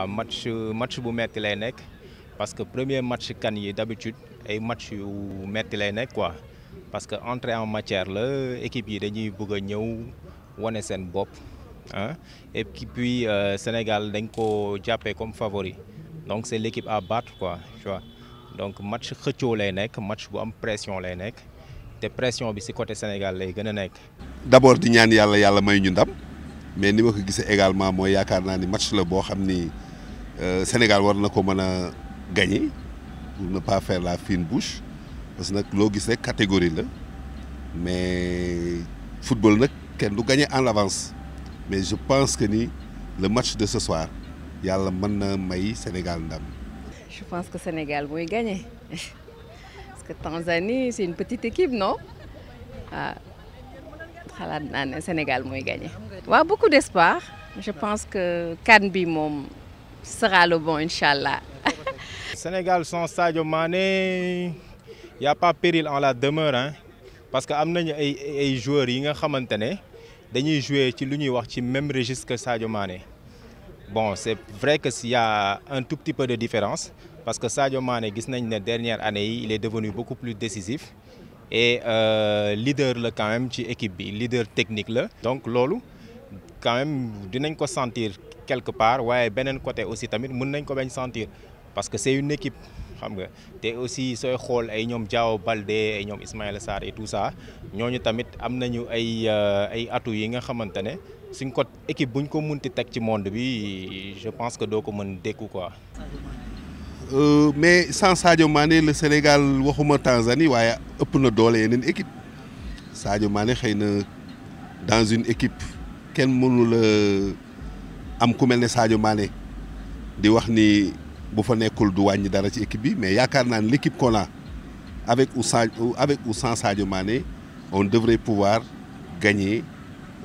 Ah, match match bu metti lay nek parce que premier match kan yi d'habitude ay match yu metti lay nek quoi parce que entrer en matière le équipe yi dañuy bëgg ñëw woné sen bop hein et puis euh, Sénégal dañ ko jappé comme favori donc c'est l'équipe à battre quoi tu vois donc match xëccoo lay nek match bu am pression lay nek té pression bi ci côté Sénégal lay gëna nek d'abord di ñaan yalla yalla may ñu ndam mais ni ma ko également moy yakarna ni match la bo xamni euh, Sénégal war ko gagner pour ne pas faire la fine bouche parce que nous avons catégorie Mais... mais football nak ken du gagner en avance mais je pense que ni le match de ce soir yalla mën na may Sénégal je pense que Sénégal va gagner parce que Tanzanie c'est une petite équipe non ah Sénégal va gagner. beaucoup d'espoir je pense que CAN bi sera le bon, Inch'Allah. Sénégal, sans Sadio Mané, il n'y a pas de péril en la demeure. Hein, parce que nous avons des joueurs qui ont jouent dans le même registre que Sadio Mané. Bon, c'est vrai qu'il y a un tout petit peu de différence. Parce que Sadio Mane dans la dernière année, il est devenu beaucoup plus décisif. Et euh, leader quand même, équipe, leader technique. Là. Donc, lolo quand même dinañ ko sentir quelque part waye benen côté aussi tamit mën nañ ko bañ sentir parce que c'est une équipe xam nga té aussi soy xol ay ñom Diao Baldé ay ñom Ismaël Sarr et tout ça ñoñu tamit am nañu ay euh, ay atout yi nga xamante ne suñ ko équipe buñ ko munti tek ci monde bi je pense que doo ko mën quoi. Euh, mais sans Sadio Mané le Sénégal waxuma Tanzanie waaye ëpp na doole yeneen équipe Sadio Mané xëy dans une équipe kenn mënul am ku mel Sadio Mané di wax ni bu fa nekkul du wàññi dara ci équipe bi mais yaakaar naa l'équipe qu'on avec ou sans avec ou Sadio Mané on devrait pouvoir gagner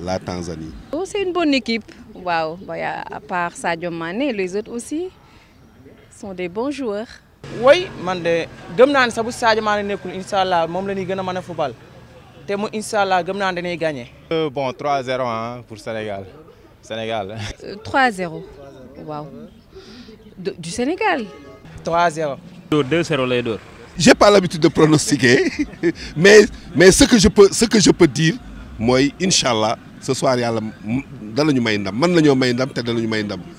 la Tanzanie. Oh, c'est une bonne équipe. Waouh, wow. à part Sadio Mané, les autres aussi sont des bons joueurs. Oui, man de gëm bu Sadio Mané nekkul inshallah mom moom la ñuy football. Et moi, inshallah comment bon 3-0 hein, pour Sénégal Sénégal. 3-0 euh, Wow. du Sénégal. 3-0. 2-0 deux. Je pas l'habitude de pronostiquer mais mais ce que je peux ce que je peux dire moi, inshallah, ce soir yàlla danañu may ndam mën nañoo may ndam te danañu may ndam.